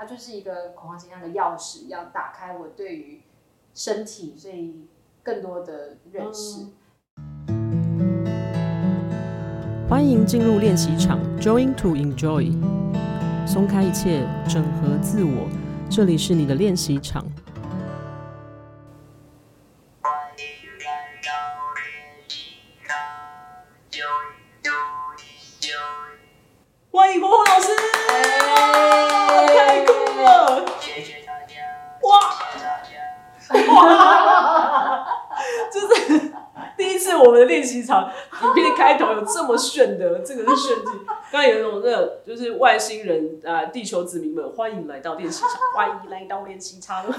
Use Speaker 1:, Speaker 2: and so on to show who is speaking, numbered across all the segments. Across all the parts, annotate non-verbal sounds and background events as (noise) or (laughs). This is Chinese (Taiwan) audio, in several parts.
Speaker 1: 它就是一個恐慌現象的鑰匙，要打開我對於身體所以更多的認識。
Speaker 2: 嗯。歡迎進入練習場，Join to enjoy，鬆開一切，整合自我，這裡是你的練習場。那有一種，那就是外星人啊！地球子民們，歡迎來到練習場。歡迎來到練習場。我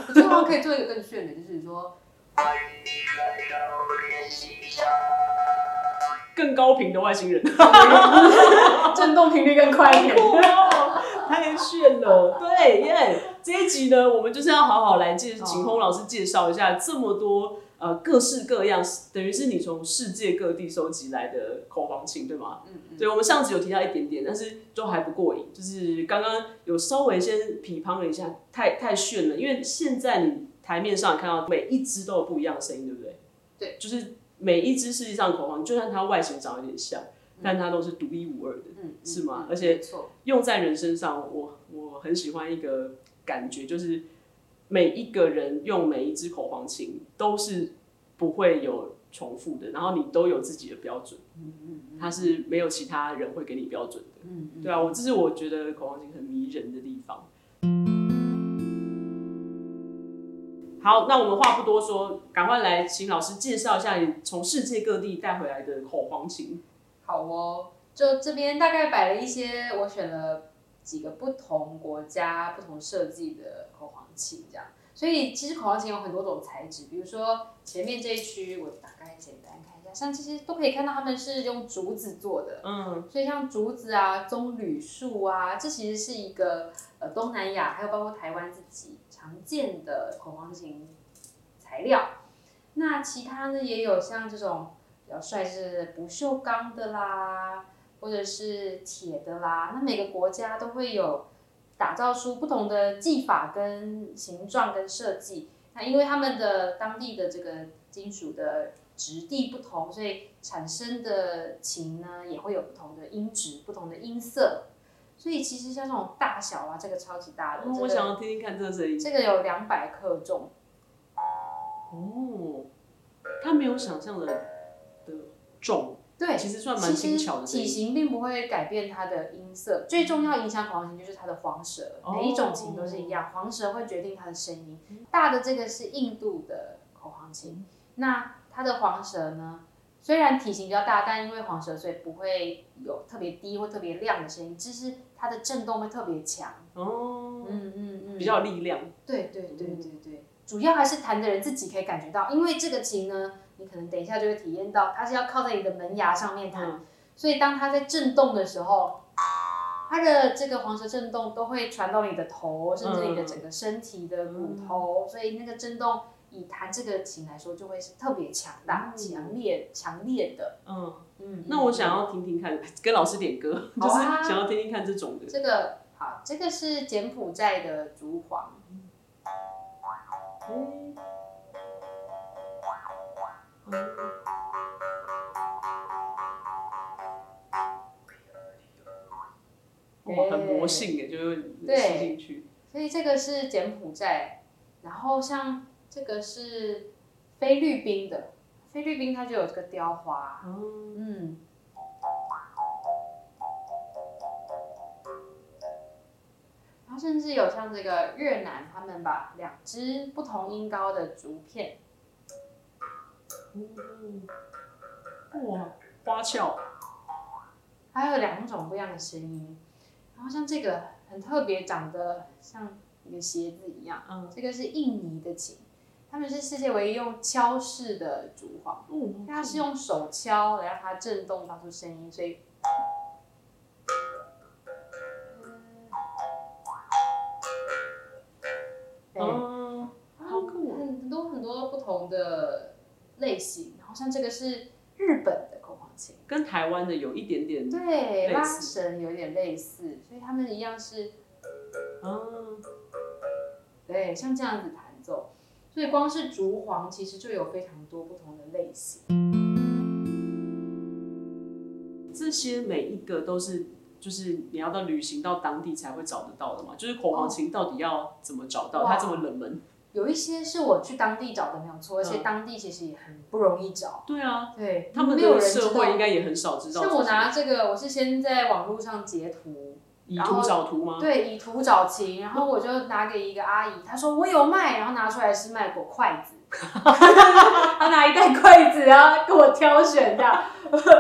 Speaker 2: 們可以做一個更炫的，就是說，歡迎來到練習場，更高頻的外星人，震動頻率更快一點，太炫了！對，因為這一集呢，我們就是要好好來介紹請轟老師介紹一下這麼多。呃，各式各樣，等於是你從世界各地收集來的口簧琴，對嗎？嗯嗯、對。我們上次有提到一點點，但是都還不過癮。就是剛剛有稍微先品乓了一下，太太炫了！因為現在你台面上看到每一支都有不一樣的聲音，對不對？對，就是每一支世界上的口簧，就算它外形長有點像，但它都是獨一無二的，嗯、是嗎？嗯嗯嗯、而且用在人身上，我我很喜歡一個感覺，就是。每一個人用每一支口簧琴都是不會有重複的，然後你都有自己的標準，它是沒有其他人會給你標準的，對啊，我這是我覺得口簧琴很迷人的地方。好，那我們話不多說，趕快來請
Speaker 1: 老師介紹一下你從世界各地帶回來的口簧琴。好哦，就這邊大概擺了一些，我選了，幾個不同國家、不同設計的口簧琴這樣，所以其實口簧琴有很多種材質，比如說前面這一區我大概簡單看一下，像這些都可以看到它們是用竹子做的，嗯，所以像竹子啊、棕櫚樹啊，這其實是一個呃東南亞還有包括台灣自己常見的口簧琴材料。那其他呢，也有像這種，比較帥是不鏽鋼的啦。或者是鐵的啦，那每個國家都會有打造出不同的技法跟形狀跟設計。那因為他們的當地的這個金屬的質地不同，所以產生的琴呢也會有不同的音質、不同的音色。所以其實像這種大小啊，這個超級大的。哦，這個、我想要聽聽看這個聲音。這個有兩百克重。
Speaker 2: 哦，他沒有想象的的重。對，其實算蠻輕巧的。體型
Speaker 1: 並不會改變它的音色，嗯嗯、最重要影響的口簧琴就是它的簧舌。哦、每一種琴都是一樣，嗯、簧舌會決定它的聲音。嗯、大的這個是印度的口簧琴，嗯、那它的簧舌呢，雖然體型比較大，但因為簧舌所以不會有特別低或特別亮的聲音，只是它的震動會特別強。哦，嗯嗯嗯，嗯比較力量、嗯。對對對對對，嗯、主要還是彈的人自己可以感覺到，因為這個琴呢。你可能等一下就會體驗到，它是要靠在你的門牙上面彈，嗯、所以當它在震動的時候，它、嗯、的這個簧舌震動都會傳到你的頭，甚至你的整個身體的骨頭，嗯、所以那個震動以彈這個琴來說，就會是特別強大、強、嗯、烈、強烈的。嗯嗯，
Speaker 2: 嗯那我想要聽聽看，跟老師點歌，嗯、就是想要聽聽看這種的。啊、這
Speaker 1: 個好，這個是柬埔寨的竹簧。嗯
Speaker 2: (music) 哦，很魔性的，就是對，所
Speaker 1: 以這個是柬埔寨，然後像這個是菲律賓的，菲律賓它就有這個雕花，嗯，嗯，然後甚至有像這個越南，他們把兩隻不同音高的竹片。嗯，哇，花俏！還有兩種不一樣的聲音，然後像這個很特別，長得像一個鞋子一樣，嗯，這個是印尼的琴，他們是世界唯一用敲式的竹簧，它，嗯，是用手敲來讓它震動發出聲音，所以，嗯，啊，很多很多不同的。類型，然後像這個是日本的口簧琴，
Speaker 2: 跟台灣的有一點點對拉
Speaker 1: 繩，有點類似，所以他們一樣是嗯，啊、對，像這樣子彈奏，所以光是竹簧其實就有非常多不同的類型。這些
Speaker 2: 每一個都是，就是你要到旅行到當地才會找得到的嘛，就是口簧琴到底要怎麼找到？哦、它這麼冷門？
Speaker 1: 有一些是我去當地找的，沒有錯，而且當地其實也很
Speaker 2: 不容易找。對
Speaker 1: 啊、嗯，對，他們的社會應
Speaker 2: 該也很少知道是。像我拿
Speaker 1: 這個，我是先在網絡上截圖，然
Speaker 2: 後以圖找圖嗎？對，
Speaker 1: 以圖找情，然後我就拿給一個阿姨，嗯、她說我有賣，然後拿出來是賣果筷子，
Speaker 2: 她 (laughs) (laughs) 拿一袋筷子，然後跟我挑選，這樣，
Speaker 1: 我說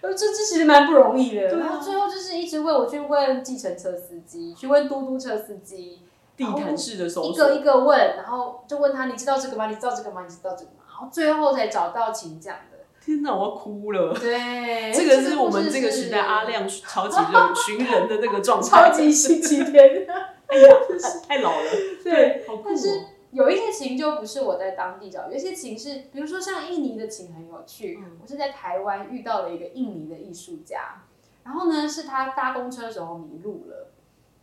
Speaker 1: 這這其實蠻不容易的。對啊，後最後就是一直為我去問計程車司機，去問嘟嘟車司機。地毯
Speaker 2: 式的搜索，哦，一
Speaker 1: 個一個問，然後就問他，你知道這個嗎？你知道這個嗎？你知道這個嗎？然後最後才找到琴講的。
Speaker 2: 天吶，我要哭了。對，
Speaker 1: 這個是我們這個時代
Speaker 2: 阿亮超級的尋 (laughs) 人的那個狀態，超級
Speaker 1: 星期天。 (laughs) 哎呀， (laughs) 太老了。對，好酷喔。但是有一些琴就不是我在當地找，有一些琴是，比如說像印尼的琴很有趣。嗯，我是在台灣遇到了一個印尼的藝術家，然後呢是他搭公車的時候迷路了。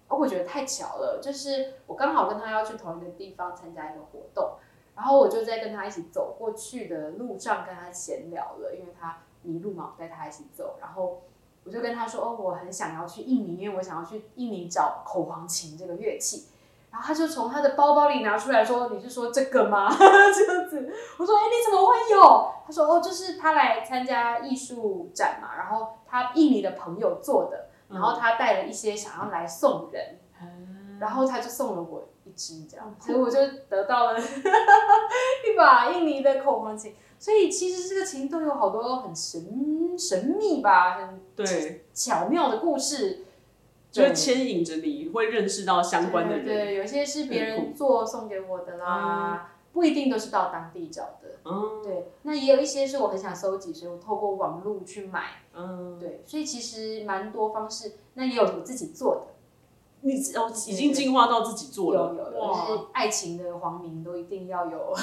Speaker 1: 哦，我覺得太巧了，就是我剛好跟他要去同一個地方參加一個活動，然後我就在跟他一起走過去的路上跟他閒聊了，因為他迷路嘛，我帶他一起走，然後我就跟他說，哦，我很想要去印尼，因為我想要去印尼找口簧琴這個樂器，然後他就從他的包包裡拿出來說，你是說這個嗎？哈哈，這樣子，我說，哎，你怎麼會有？他說，哦，就是他來參加藝術展嘛，然後他印尼的朋友做的。然後他帶了一些想要來送人，嗯、然後他就送了我一支這樣，所以我就得到了 (laughs) 一把印尼的口簧琴。所以其實這個琴都有好多很神神祕吧，很奇對巧妙的故事，就牽
Speaker 2: 引着你會認識到相關的人對。對，
Speaker 1: 有些是別人做送給我的啦。嗯不一定都是到當地找的，嗯，對，那也有一些是我很想搜集，所以我透過網絡去買，嗯、對，所以其實蠻多方式，那也有你自己做的，你哦對已經進
Speaker 2: 化到自己做
Speaker 1: 了，有有，有，哇愛情的黃明都一定要有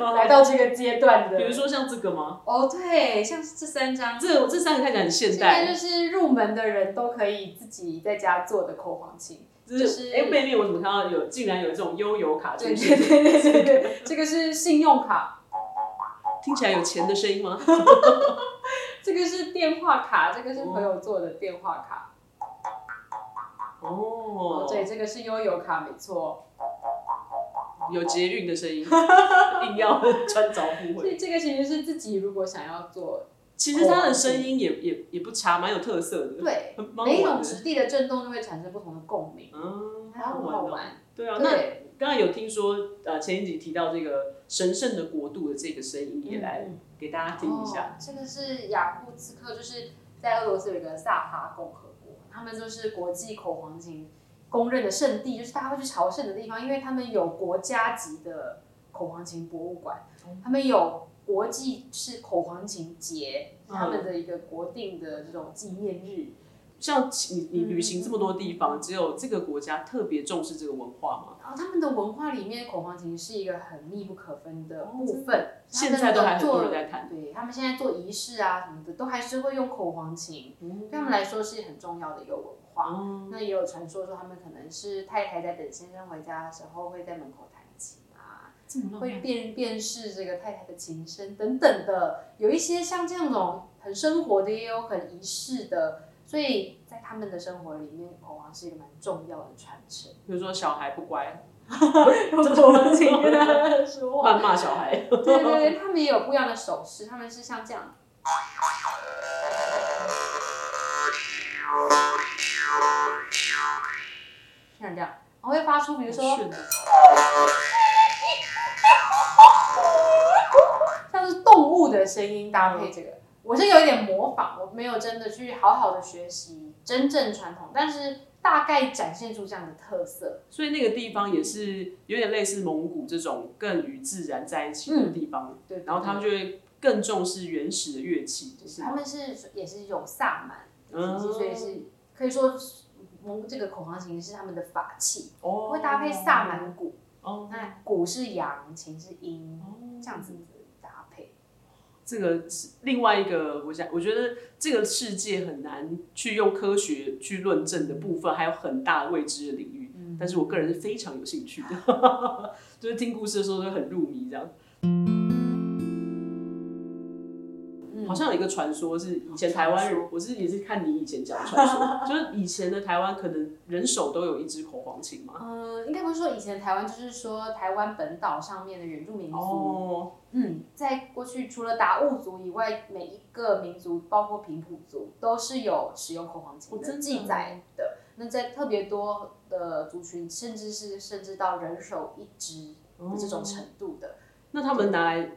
Speaker 1: 哇 (laughs) 來到這個階段的，比如說像這個嗎？哦，oh, 對，像這三張，這這三個看起來很現代，現在就是入門的人都可以自己在家做的口簧琴。是就是哎，背
Speaker 2: 面，欸、我怎麼看到有竟然有這種悠遊卡？對對
Speaker 1: 對，這個是信用卡，這
Speaker 2: 個，聽起來有錢的聲音嗎？
Speaker 1: (laughs) 這個是電話卡，這個是朋友做的電話卡。
Speaker 2: 哦，哦，對，這個
Speaker 1: 是悠遊卡，沒錯，
Speaker 2: 有捷運的聲音，一定 (laughs) 要穿長褲。所以這
Speaker 1: 個其實是自己如果想要做。其實他的聲
Speaker 2: 音也也也不差，蠻有特色的。對，
Speaker 1: 每一種質地的震動就會產生不同的共鳴，嗯，還很好玩，哦好玩哦。
Speaker 2: 對啊，對那剛才有聽說，呃，前一集提到這個神聖的國度的這個聲音，嗯、也來
Speaker 1: 給大家聽一下。嗯哦、這個是雅庫茨克，就是在俄羅斯有一個薩哈共和國，他們就是國際口簧琴公認的聖地，就是大家會去朝聖的地方，因為他們有國家級的口簧琴博物館，他們有。國際是口簧琴節，嗯、他們的一個國定的這種紀念日。
Speaker 2: 像你你旅行這麼多地方，嗯、只有這個國家特別重視這個文化
Speaker 1: 嗎？哦，他們的文化裡面口簧琴是一個很密不可分的部分。哦、現在都還很多人在看。對，他們現在做儀式啊什麼的，都還是會用口簧琴，對、嗯、他們來說是很重要的一個文化。嗯、那也有傳說說他們可能是太太在等先生回家的時候，會在門口彈。麼麼會辨辨識這個太太的琴聲等等的，有一些像這樣種很生活的，也有很儀式的，所以在他們的生活裡面，往、哦、往、啊、是一個蠻重要的傳承。比如說小孩不乖，怎麼 (laughs) 聽？說話。謾罵小孩。對對對，他們也有不一樣的手勢，他們是像這樣，像 (noise) 這,這樣，然後會發出，比如說。的鼓、嗯、的聲音搭配這個，我是有一點模仿，我沒有真的去好好的學習真正傳統，但是大概展現出這樣的特色。所以那個地
Speaker 2: 方也是有點類似蒙古這種更與自然在一起的地方，嗯、對，對，對。然後他們就會更重視原始的樂器，就是他嗎們
Speaker 1: 是也是一種薩滿、嗯，
Speaker 2: 所以是
Speaker 1: 可以說蒙古這個口簧琴是他們的法器，哦、會搭配薩滿鼓，哦、那鼓是陽，琴是陰，嗯、這樣子。
Speaker 2: 這個是另外一個，我想，我覺得這個世界很難去用科學去論證的部分，還有很大未知的領域。但是我個人是非常有興趣的， (laughs) 就是聽故事的時候就很入迷，這樣。嗯、好像有一個傳說，是以前台灣人，哦、是是我是也是看你以前講的傳說， (laughs) 就是以前的台灣可能人手都有一支口簧琴嗎？呃、
Speaker 1: 嗯，應該不是說以前台灣，就是說台灣本島上面的原住民族，哦、嗯，在過去除了達悟族以外，每一個民族，包括平埔族，都是有使用口簧琴的、哦、真的記載的。那在特別多的族群，甚至是甚至到人手一支的這種程度的。哦、
Speaker 2: 對那他們拿來。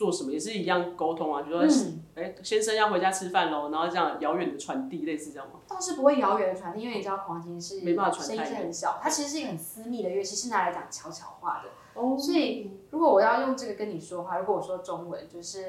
Speaker 2: 做什麼也是一樣溝通啊，就是、說哎、嗯，先生要回家吃飯嘍，然後這樣遙遠的傳遞類似這
Speaker 1: 樣嗎？倒是不會遙遠的傳遞，因為你知道口簧琴是沒辦法傳，聲音是很小，遠它其實是一個很私密的樂器，是拿來講悄悄話的。哦，oh, 所以如果我要用這個跟你說話，如果我說中文就是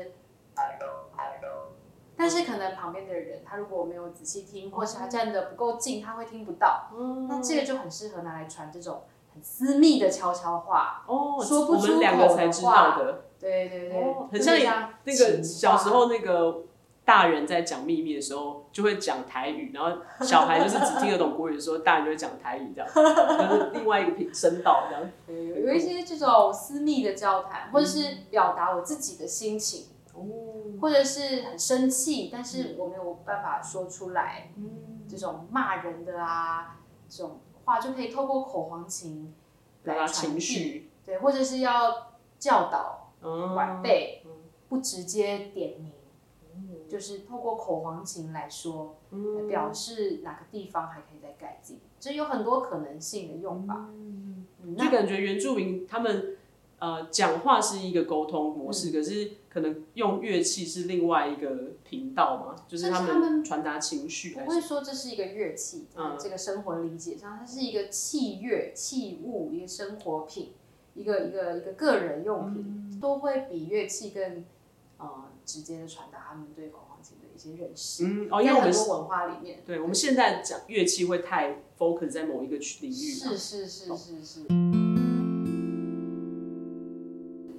Speaker 1: ，I know, I know. 但是可能旁邊的人他如果我沒有仔細聽，或是他站得不夠近，他會聽不到。嗯，Okay. 那這個就很適合拿來傳這種。很私密的悄悄話哦，說不出口的話，我們兩個才知道的，對對對，哦、很像、啊、
Speaker 2: 那個小時候那個大人在講秘密的時候，就會講台語，然後小孩就是只聽得懂國語的時候，候 (laughs) 大人就會講台語，這樣 (laughs) 另外一個聲道這樣。有有一些
Speaker 1: 這種私密的交談，或者是表達我自己的心情，哦、嗯，或者是很生氣，但是我沒有辦法說出來，嗯，這種罵人的啊，嗯、這種。話就可以透過口簧琴來傳遞，啊、情緒。對，或者是要教導晚輩，嗯、不直接點名，嗯、就是透過口簧琴來說，來表示哪個地方還可以再改進，所以、嗯、有很多可能性的用法。
Speaker 2: 嗯、那就感覺原住民他們講、呃、話是一個溝通模式，嗯、可是。可能用樂器是另外一個頻道嘛，就是他們傳達情緒還是。我會
Speaker 1: 說這是一個樂器，嗯、這個生活理解上，它是一個器樂器物，一個生活品，一個一個一個個人用品，嗯、都會比樂器更、呃、直接的傳達他們對口簧琴的一些認識。嗯，哦，因為我們很多文化裡面，對，對對我們
Speaker 2: 現在講樂器會太 focus 在某一個領域。是
Speaker 1: 是是是是。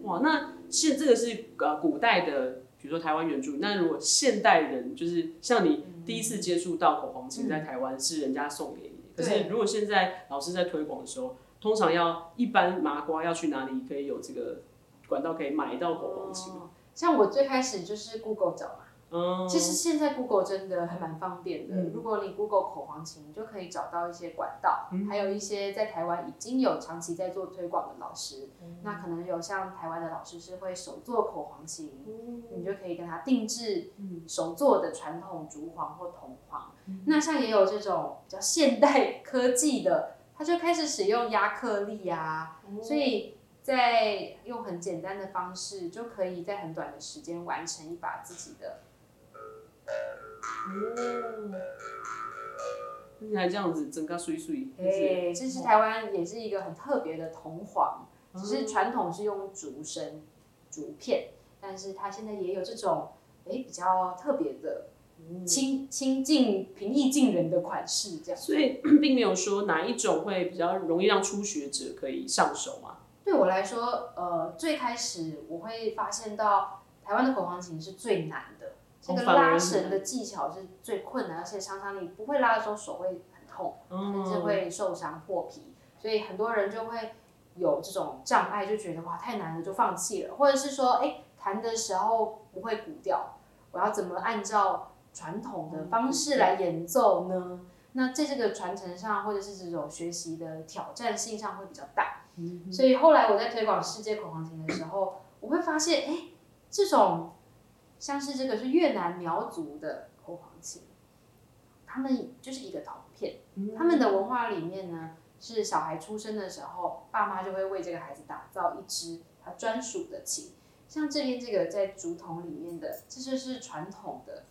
Speaker 2: 哇，那。現這個是呃古代的，比如說台灣原住。那如果現代人，就是像你第一次接觸到口簧琴，在台灣、嗯、是人家送給你可是如果現在老師在推廣的時候，對通常要一般麻瓜要去哪裡可以有這個管道可以買到口簧琴、哦？
Speaker 1: 像我最開始就是 Google 找。其實現在 Google 真的還蠻方便的，嗯、如果你 Google 口簧琴，你就可以找到一些管道，嗯、還有一些在台灣已經有長期在做推廣的老師，嗯、那可能有像台灣的老師是會手做口簧琴，嗯、你就可以跟他定製手做的傳統竹簧或銅簧。嗯、那像也有這種比較現代科技的，他就開始使用壓克力啊，嗯、所以在用很簡單的方式，就可以在很短的時間完成一把自己的。
Speaker 2: 哦，你、嗯、還這樣子整個碎碎，其、欸、這是台灣也是一個很特
Speaker 1: 別的銅簧。只是傳統是用竹身竹片，但是它現在也有這種、欸、比較特別的親親近、平易近人的款式這樣。所以
Speaker 2: 並沒有說哪一種會比較容易讓初學者可以上手嘛、啊。
Speaker 1: 對我來說，呃，最開始我會發現到台灣的口簧琴是最難的。這個拉繩的技巧是最困難，而且常常你不會拉的時候手會很痛，嗯、甚至會受傷破皮，所以很多人就會有這種障礙，就覺得哇太難了就放棄了，或者是說哎彈的時候不會古調，我要怎麼按照傳統的方式來演奏呢？嗯、那在這個傳承上或者是這種學習的挑戰性上會比較大，嗯嗯，所以後來我在推廣世界口簧琴的時候，我會發現哎這種。像是這個是越南苗族的口簧琴，他們就是一個銅片，嗯嗯他們的文化裡面呢，是小孩出生的時候，爸媽就會為這個孩子打造一支他專屬的琴。像這邊這個在竹筒裡面的，這就是傳統的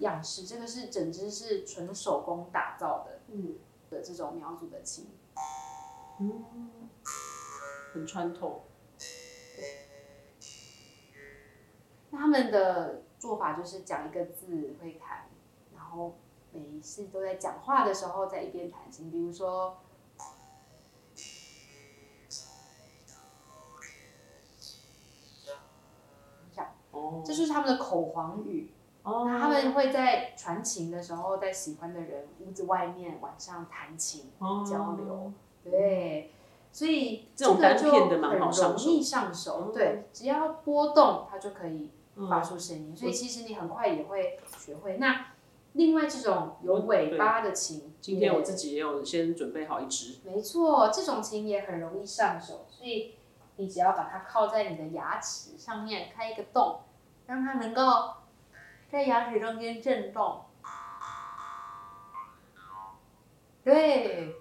Speaker 1: 樣式，這個是整支是純手工打造的，嗯，的這種苗族的琴，嗯，很傳統。他們的做法就是講一個字會彈，然後每一次都在講話的時候在一邊彈琴，比如說，哼這就是他們的口簧語。嗯、那他們會在傳情的時候，在喜歡的人屋子外面晚上彈琴、嗯、交流，對，嗯、所以這個就很容易上，上手，對，只要撥動它，就可以。發出聲音，所以其實你很快也會學會。嗯、那另外這種有尾巴的琴，今天我自己也有先準備好一支。沒錯，這種琴也很容易上手，所以你只要把它靠在你的牙齒上面，開一個洞，讓它能夠在牙齒中間震動。對，對，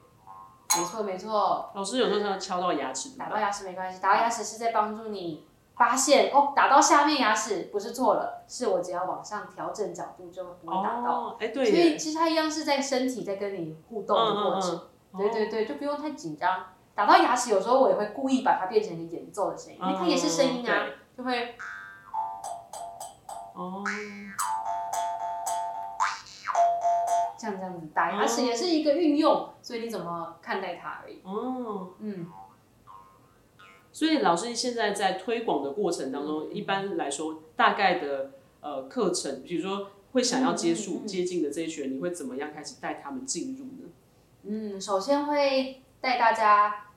Speaker 1: 沒錯沒錯。老師有時候常常敲到牙齒，打到牙齒沒關係，打到牙齒是在幫助你。發現哦，打到下面牙齒不是錯了，是我只要往上調整角度就不會打到。哦欸、對耶、所以其實它一樣是在身體在跟你互動的過程。嗯嗯嗯、對對對，就不用太緊張。嗯、打到牙齒有時候我也會故意把它變成一個演奏的聲音，嗯、因為它也是聲音啊，啊就會。哦、嗯。這樣這樣子打牙齒也是一個運用，嗯、所以你怎麼看待它而已。嗯。嗯
Speaker 2: 所以老師現在在推廣的過程當中，嗯、一般來說，大概的呃課程，比如說會想要接觸、嗯嗯、接近的這一群人，你會怎麼樣
Speaker 1: 開始帶他們進入呢？嗯，首先會帶大家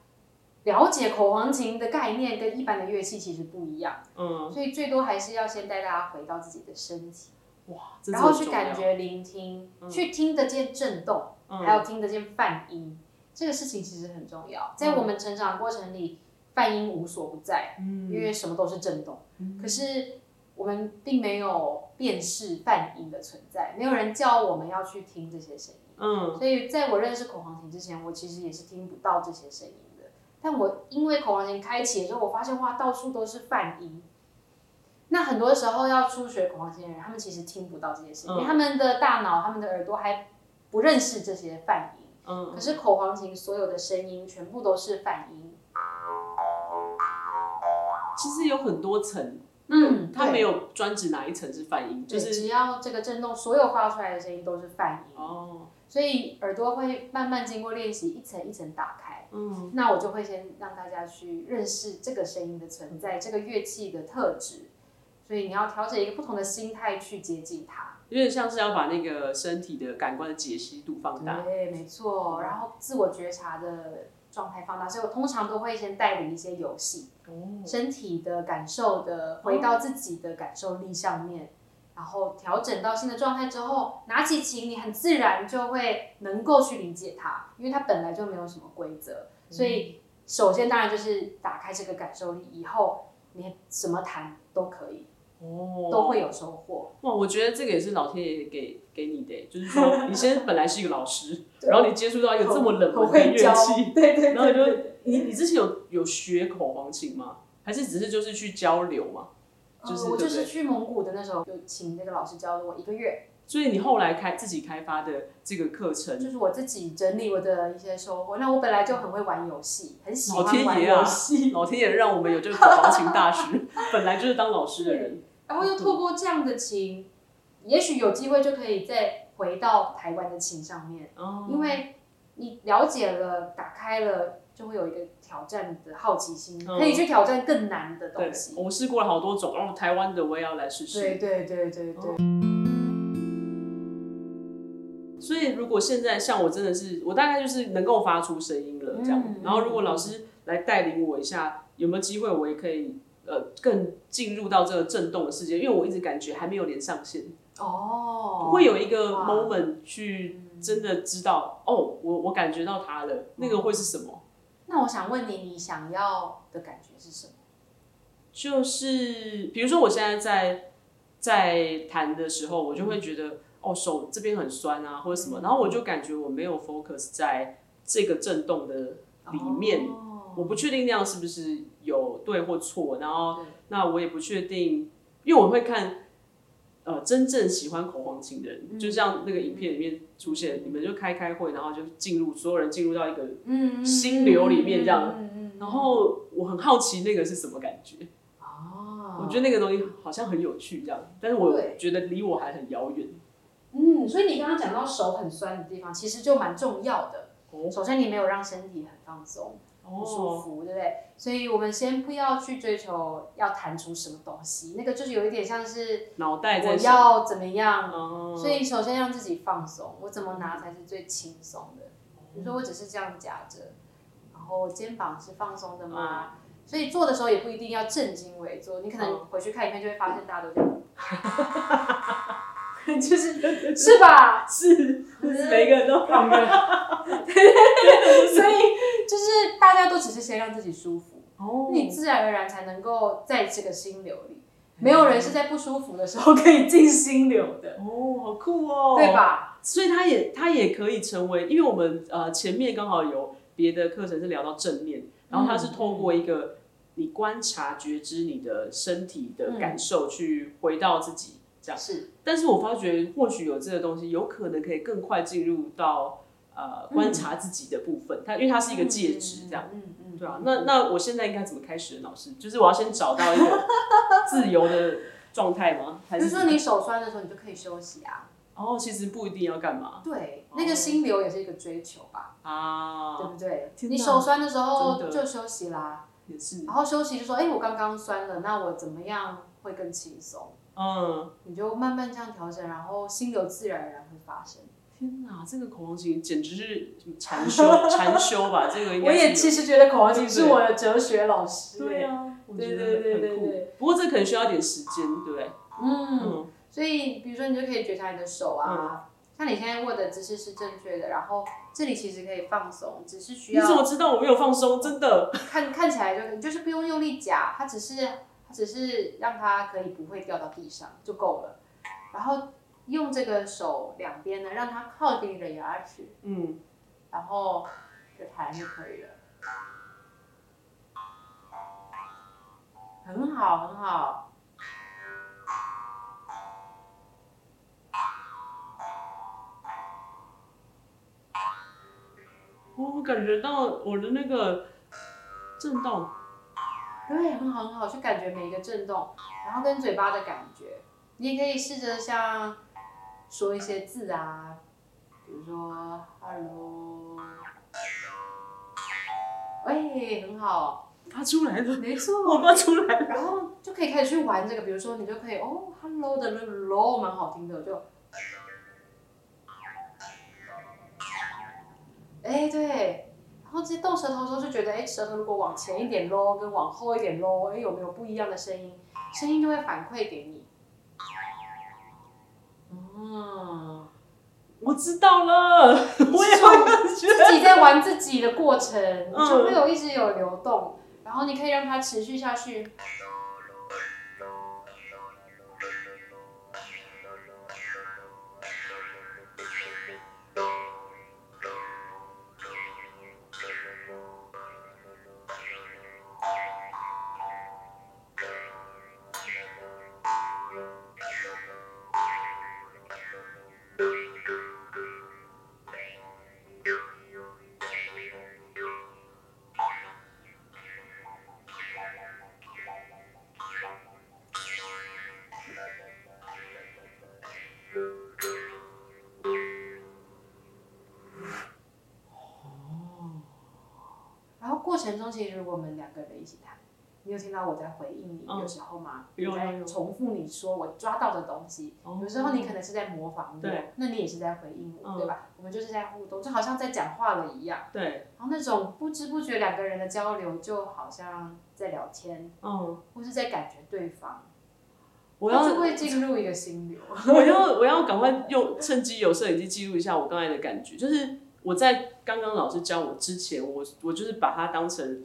Speaker 1: 了解口簧琴的概念，跟一般的樂器其實不一樣。嗯。所以最多還是要先帶大家回到自己的身體。哇，然後去感覺、聆聽，嗯、去聽得見震動，嗯、還有聽得見泛音，嗯、這個事情其實很重要，在我們成長過程裡。嗯泛音無所不在，因為什麼都是震動，嗯，可是我們並沒有辨識泛音的存在，沒有人叫我們要去聽這些聲音，嗯，所以在我認識口簧琴之前，我其實也是聽不到這些聲音的。但我因為口簧琴開啟的時候，我發現哇，到處都是泛音。那很多時候要初學口簧琴的人，他們其實聽不到這些聲音，嗯，因為他們的大腦、他們的耳朵還不認識這些泛音。嗯，可是口簧琴所有的聲音全部都是泛音。
Speaker 2: 其實有很多層，嗯，它沒有專指哪一層是泛音，
Speaker 1: 對就是只要這個震動，所有發出來的聲音都是泛音。哦，所以耳朵會慢慢經過練習，一層一層打開。嗯，那我就會先讓大家去認識這個聲音的存在，嗯、這個樂器的特質。所以你要調整一個不同的心態去接近它，
Speaker 2: 有點像是要把那個身體的感官的解
Speaker 1: 析度放大。對，沒錯。嗯、然後自我覺察的狀態放大，所以我通常都會先帶領一些遊戲，身體的感受的回到自己的感受力上面，然後調整到新的狀態之後，拿起琴，你很自然就會能夠去理解它，因為它本來就沒有什麼規則，所以首先當然就是打開這個感受力，以後你什麼彈都可以。哦，都會有
Speaker 2: 收穫哇！我覺得這個也是老天爺給給你的，就是說你先本來是一個老師，然後你接觸到一個這麼冷門的樂器，對對，然後你就你你之前有有學口簧琴嗎？還是只是就是去交流嘛？就是我就是
Speaker 1: 去蒙古的那時候，就請那個老師教了我一個月，
Speaker 2: 所以你後來開自己開發的這個課程？就是我自己整理
Speaker 1: 我的一些收穫。那我本來就很會玩遊戲，很喜歡玩遊戲，老
Speaker 2: 天爺啊，老天爺讓我們有這個口簧琴大師，本來就是當老師的人。
Speaker 1: 然後又透過這樣的琴，嗯、也許有機會就可以再回到台灣的琴上面，哦、嗯，因為你了解了、打開了，就會有一個挑戰的好奇心，嗯、可以去挑戰更難的東西。
Speaker 2: 對，我試過了好多種，然後、哦、台灣的我也要來試試。對對
Speaker 1: 對對對。嗯、
Speaker 2: 所以如果現在像我真的是，我大概就是能夠發出聲音了這樣。嗯、然後如果老師來帶領我一下，嗯、有沒有機會我也可以？呃，更進入到這個震動的世界，因為我一直感覺還沒有連上線哦，會有一個 moment 去真的知道、啊嗯、哦，我我感覺到他了，嗯、那個會是什麼？
Speaker 1: 那我想問你，你想要的感覺是什麼？就是
Speaker 2: 比如說，我現在在在彈的時候，我就會覺得、嗯、哦，手這邊很酸啊，或者什麼，嗯、然後我就感覺我沒有 focus 在這個震動的裡面。哦我不確定那樣是不是有對或錯，然後對那我也不確定，因為我會看，呃，真正喜歡口簧琴的人，嗯、就像那個影片裡面出現，嗯、你們就開開會，然後就進入，所有人進入到一個心流裡面這樣，然後我很好奇那個是什麼感覺、
Speaker 1: 啊、我覺
Speaker 2: 得那個東西好像很有趣，這樣，但是我覺得離我還很遙遠。嗯，
Speaker 1: 所以你剛剛講到手很酸的地方，其實就蠻重要的。哦、首先，你沒有讓身體很放鬆。Oh. 不舒服對不對？所以，我們先不要去追求要彈出什麼東西，那個就是有一點像是
Speaker 2: 腦袋在我要
Speaker 1: 怎麼樣？麼所以，首先讓自己放鬆，Oh. 我怎麼拿才是最輕鬆的？嗯、比如說，我只是這樣夾着，然後肩膀是放鬆的嗎？Oh. 所以做的時候也不一定要正襟危坐，你可能回去看一看就會發現大家都這樣。 (laughs) (laughs) 就是是吧？是，嗯、每個
Speaker 2: 人都放的了，
Speaker 1: 嗯、 (laughs) (laughs) 所以就是大家都只是先讓自己舒服哦，你自然而然才能夠在這個心流裡，
Speaker 2: 嗯、沒有人是在
Speaker 1: 不舒服的時候可以進心流的，
Speaker 2: 心流的哦，
Speaker 1: 好酷哦，對吧？
Speaker 2: 所以它也他也可以成為，因為我們呃前面剛好有別的課程是聊到正念，嗯、然後它是透過一個你觀察覺知你的身體的感受去回到自己。嗯這樣是，但是我發覺或許有這個東西，有可能可以更快進入到呃觀察自己的部分。它因為它是一個介質，這樣，嗯嗯，對啊。那那我現在應該怎麼開始老師？就是我要先找到一個自由的狀態嗎？就是說你
Speaker 1: 手酸的時候，你就可以休息
Speaker 2: 啊。哦，其實不一定要幹嘛。
Speaker 1: 對，那個心流也是一個追求吧。啊，對不對？你手酸的時候就休息啦。也是。然後休息就說，哎，我剛剛酸了，那我怎麼樣會更輕鬆？嗯，你就慢慢這樣調整，然後心流自然而然會發生。天哪、嗯啊，這個口紅型簡直是禪修，禪 (laughs) 修吧。這個我也其實覺得口紅型是我的哲
Speaker 2: 學老師、欸，對啊，我覺得很酷。對對對對，不過這可能需要一點時間，對不對？嗯，嗯，
Speaker 1: 所以比如說你就可以覺察你的手啊，嗯、像你現在握的姿勢是正確的，然後這裡其實可以放鬆，只是需要。你怎麼知
Speaker 2: 道我沒有放鬆？真的？
Speaker 1: (laughs) 看看起來就是、就是不用用力夾，它只是。只是讓它可以不會掉到地上就夠了，然後用這個手兩邊呢，讓它靠近你的牙齒，嗯，然後就彈就可以了，嗯，很好很好，
Speaker 2: 哦，我感覺到我的那個震動。
Speaker 1: 對、哎，很好很好，就感覺每一個震動，然後跟嘴巴的感覺，你也可以試着像說一些字啊，比如說 hello，哎，很好，發出來的，沒錯，我發出來了，然後就可以開始去玩這個，比如說你就可以哦，hello 的 lo 蠻好聽的，就，哎，對。然後直接動舌頭的時候就覺得，欸、舌頭如果往前一點嘍，跟往後一點嘍、欸，有沒有不一樣的聲音？聲音就會反饋給你。嗯、我知道了，我也覺得自己在玩自己的過程，就會有一直有流動，嗯、然後你可以讓它持續下去。過程中，其實我們兩個在一起談，你有聽到我在回應你有時候嗎？Uh, 你在重複你說我抓到的東西，uh, 有時候你可能是在模仿我，uh, 那你也是在回應我，uh, 對吧？我們就是在互動，就好像在講話了一樣。對。Uh, 然後那種不知不覺兩個人的交流，就好像在聊天，嗯，uh, 或是在感覺對方。
Speaker 2: 我要會
Speaker 1: 進入一個心流，我
Speaker 2: 要我要趕快用趁機有攝影機記錄一下我剛才的感覺，就是。我在剛剛老師教我之前，我我就是把它當成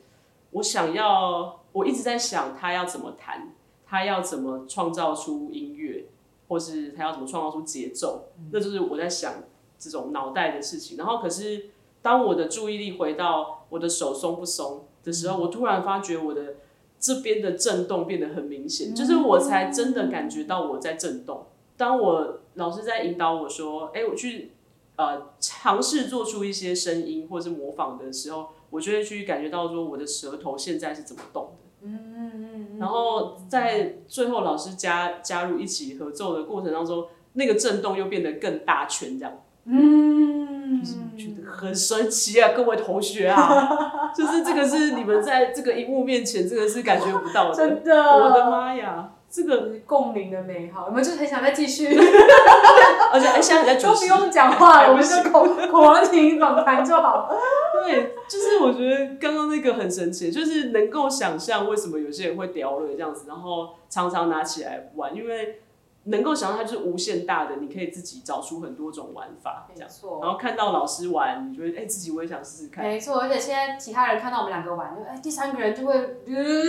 Speaker 2: 我想要，我一直在想他要怎麼彈，他要怎麼創造出音樂，或是他要怎麼創造出節奏，那就是我在想這種腦袋的事情。然後，可是當我的注意力回到我的手鬆不鬆的時候，嗯、我突然發覺我的這邊的震動變得很明顯，嗯、就是我才真的感覺到我在震動。當我老師在引導我說：“哎、欸，我去。”呃，嘗試做出一些聲音或者是模仿的時候，我就會去感覺到說我的舌頭現在是怎麼動的。嗯，
Speaker 1: 嗯，嗯。然
Speaker 2: 後在最後老師加加入一起合奏的過程當中，那個震動又變得更大圈這樣。嗯。就是覺得很神奇啊，各位同學啊， (laughs) 就是這個是你們在這個熒幕面前這個是感覺不到的，真的，我的媽呀！這個共鳴的美
Speaker 1: 好，我們就很想再繼續，
Speaker 2: (laughs) (laughs) 而且而且現在都不用講話，我們就
Speaker 1: 口口型轉盤就好。
Speaker 2: (laughs) 對，就是我覺得剛剛那個很神奇，就是能夠想象為什麼有些人會掉了這樣子，然後常常拿起來玩，因為。能夠想到它就是無限大的，嗯、你可以自己找出很多種玩法，沒錯，這樣，然後看到老師玩，你覺得哎、欸，自己我也想試試看。
Speaker 1: 沒錯，而且現在其他人看到我們兩個玩，哎、欸，第三個人就會，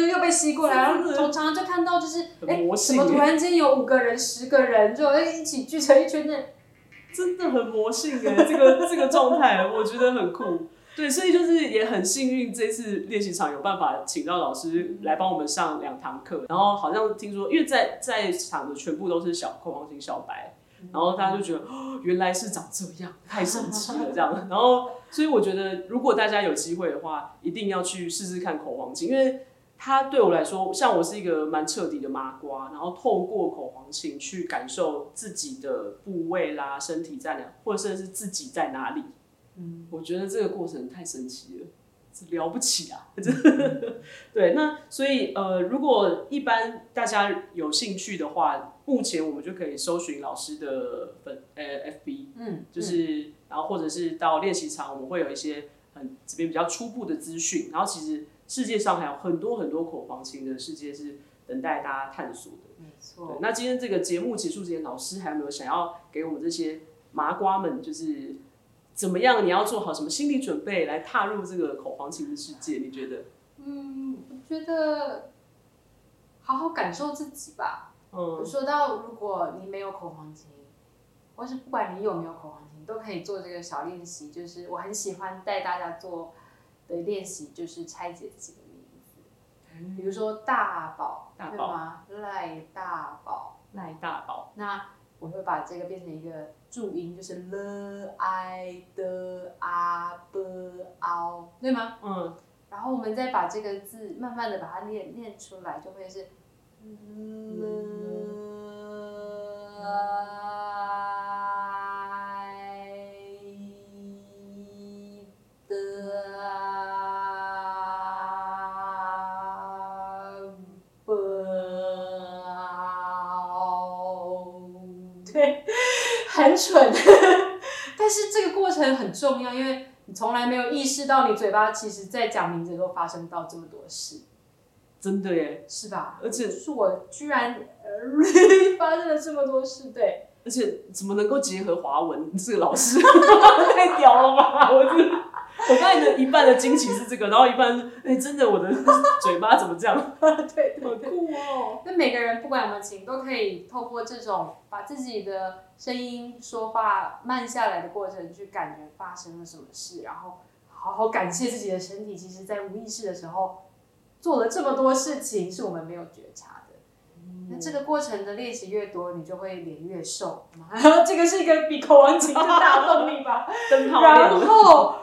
Speaker 1: 又被吸過來，然後常常就看到就是，哎、欸，欸、怎麼突然間有五個人、十個人，就哎一起聚成一圈的，真的很魔性哎、欸，這個
Speaker 2: 這個狀態我覺得很酷。 (laughs) 對，所以就是也很幸運，這次練習場有辦法請到老師來幫我們上兩堂課。然後好像聽說，因為在在場的全部都是小口簧琴小白，然後大家就覺得、哦、原來是長這樣，太神奇了這樣。然後所以我覺得，如果大家有機會的話，一定要去試試看口簧琴，因為它對我來說，像我是一個蠻徹底的麻瓜，然後透過口簧琴去感受自己的部位啦，身體在哪，或者甚至是自己在哪裡。嗯，我覺得這個過程太神奇了，了不起啊！嗯、 (laughs) 對，那所以呃，如果一般大家有興趣的話，目前我們就可以搜尋老師的粉呃 FB，嗯，就是然後或者是到練習場，我們會有一些很這邊比較初步的資訊。然後其實世界上還有很多很多口簧琴的世界是等待大家探索的。沒錯。那今天這個節目結束之前，老師還有沒有想要給我們這些麻瓜們就是？怎麼樣？你要做好什麼心理準備來踏入這個口簧琴的世界？你覺得？
Speaker 1: 嗯，我覺得好好感受自己吧。嗯，說到如果你沒有口簧琴，或是不管你有沒有口簧琴，都可以做這個小練習。就是我很喜歡帶大家做的練習，就是拆解自己的名字，嗯、比如說大寶，大寶對嗎？賴大寶，大寶賴大寶。那我會把這個變成一個。注音就是了 i de、啊啊、對嗎？嗯，然後我們再把這個字慢慢的把它念念出來，就會是了蠢， (laughs) 但是這個過程很重要，因為你從來沒有意識到，你嘴巴其實在講名字的時候發生到這麼多事，真的耶，是吧？而且是我居然、呃、 (laughs) 發生了這麼多事，對，
Speaker 2: 而且怎麼能夠結合華文？你這個老師， (laughs) 太屌了吧？我是。我剛才的一半的驚奇是這個，然後一半哎、欸、真的我的嘴巴怎麼這樣？ (laughs)
Speaker 1: 對，好酷哦、喔！那每個人不管什麼情況都可以透過這種把自己的聲音說話慢下來的過程，去感覺發生了什麼事，然後好好感謝自己的身體。其實，在無意識的時候做了這麼多事情，是我們沒有覺察的。嗯、那這個過程的練習越多，你就會臉越瘦。然後 (laughs) 這個是一個比口簧琴更大的動力吧？ (laughs) 燈然後。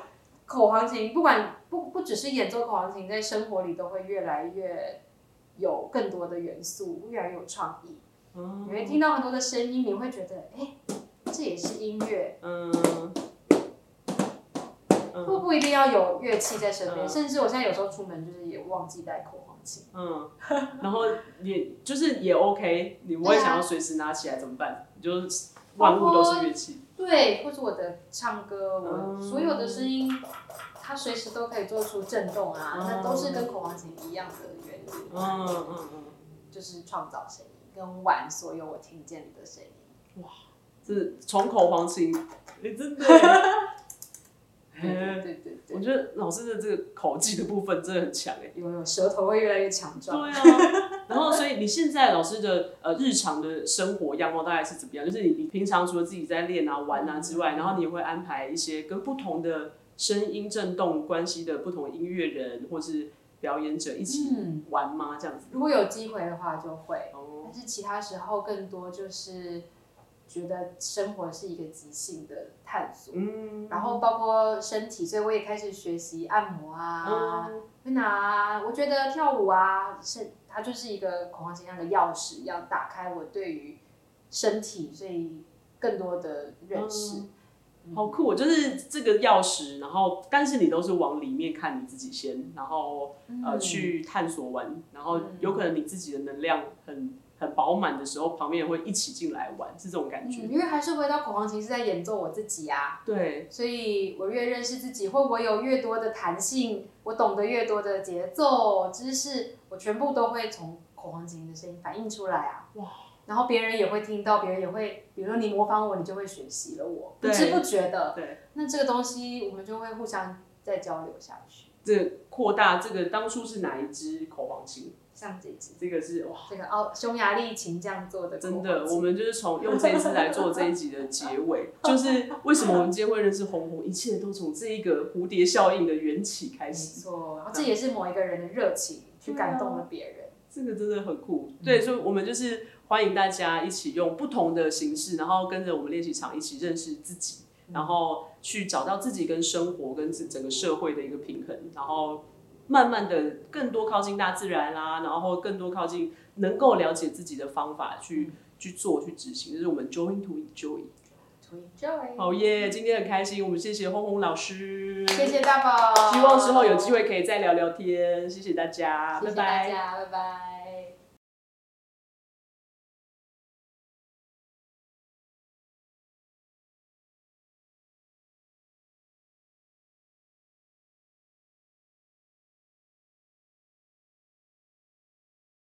Speaker 1: 口簧琴，不管不不只是演奏口簧琴，在生活裡都會越來越有更多的元素，越來越有創意。嗯、你會聽到很多的聲音，你會覺得，哎、欸，這也是音樂。嗯，不不一定要有樂器在身邊，嗯、甚至我現在有時候出門就是也忘記帶
Speaker 2: 口簧琴。嗯，然後也就是也 OK，你不會想要隨時拿起來怎麼辦？啊、就是萬物都是樂
Speaker 1: 器。嗯對，或是我的唱歌，我所有的聲音，嗯、它隨時都可以做出震動啊，那、嗯、都是跟口簧琴一樣的原理。嗯嗯嗯，嗯就是創造聲音，跟玩所有我聽見的聲音。
Speaker 2: 哇，這是從口簧琴，你、欸、真的？對對對， (laughs) 我覺得老師的這個口技的部分真的很強哎，因為我舌頭會越來越強壯。對啊。然後，所以你現在老師的呃日常的生活樣貌大概是怎麼樣？就是你你平常除了自己在練啊玩啊之外，嗯、然後你也會安排一些跟不同的聲音震動關係的不同音樂人或是表演者一起玩嗎？嗯、
Speaker 1: 這樣子？如果有機會的話就會，哦、但是其他時候更多就是覺得生活是一個即興的探索，嗯，然後包括身體，所以我也開始學習按摩啊、瑜伽、嗯，我覺得跳舞啊是。它就是一個恐慌情況的鑰匙，要打開我對於身體，所以更多的認識，嗯，
Speaker 2: 好酷！我就是這個鑰匙，然後但是你都是往裡面看你自己先，然後呃去探索完，然後有可能你自己的能量很。飽滿的時候，旁邊會一起進來玩，是這種感覺。嗯，因為
Speaker 1: 還是回到口簧琴是在演奏我自己啊。對。所以我越認識自己，會不會有越多的彈性？我懂得越多的節奏知識，我全部都會從口簧琴的聲音反映出來啊。哇。然後別人也會聽到，別人也會，比如說你模仿我，你就會學習了我，不知對不覺的。對。那這個東西，我們就會互相再交流下去。這擴大這個當初是哪
Speaker 2: 一支口簧琴？像這集，這個是哇這個哦，匈牙利琴這樣做的，真的。我們就是從用這一次來做這一集
Speaker 1: 的結尾， (laughs) 就是
Speaker 2: 為什麼我們今天會認識紅紅，一切都從這一個蝴蝶效應的緣起開始。沒錯，這也是
Speaker 1: 某一個人的熱情、嗯、去感動了別人。這個真
Speaker 2: 的很酷，對，所以我們就是歡迎大家一起用不同的形式，然後跟着我們練習場一起認識自己，然後去找到自己跟生活跟整個社會的一個平衡，然後。慢慢的，更多靠近大自然啦、啊，然後更多靠近能夠了解自己的方法去、嗯、去做去執行，就是我們 join to enjoy。to enjoy 好耶，今天很開心，我們謝謝轟轟老師，謝謝
Speaker 1: 大寶，希
Speaker 2: 望之後有機會可以再聊聊天，謝謝大家，謝謝大家拜拜，拜拜。